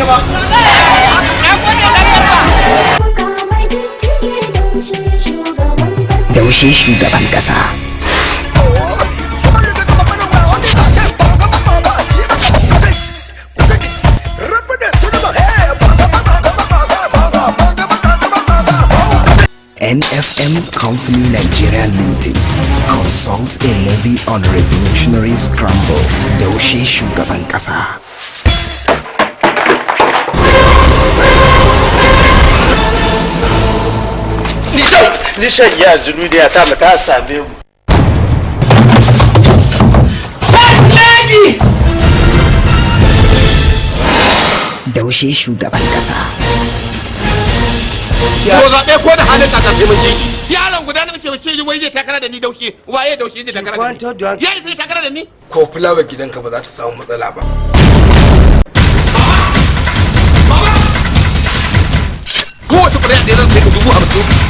aja pak NFM Company Nigeria Limited consults a levy on revolutionary scramble Doshi Shugaban Kasa. definition ya zunu da ta mu same mu daushe shugaban kasa ko zaɓe ko da halin kasa sai mun ci yaron guda na muke ce wai zai takara da ni daushe waye daushe zai takara da ni yayi sai takara da ni ko fulawa gidanka ba za ta samu matsala ba kowace ƙuri'a da ya zan sai ka dubu hamsin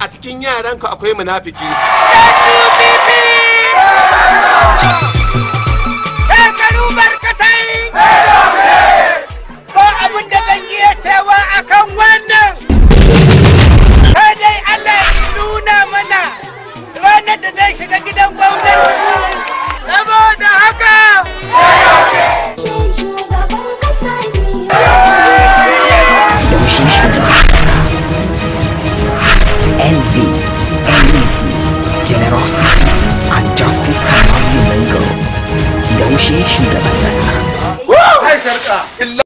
a cikin yaranka akwai munafiki. generosity, and justice cannot be mingled. Daushi the Kasa.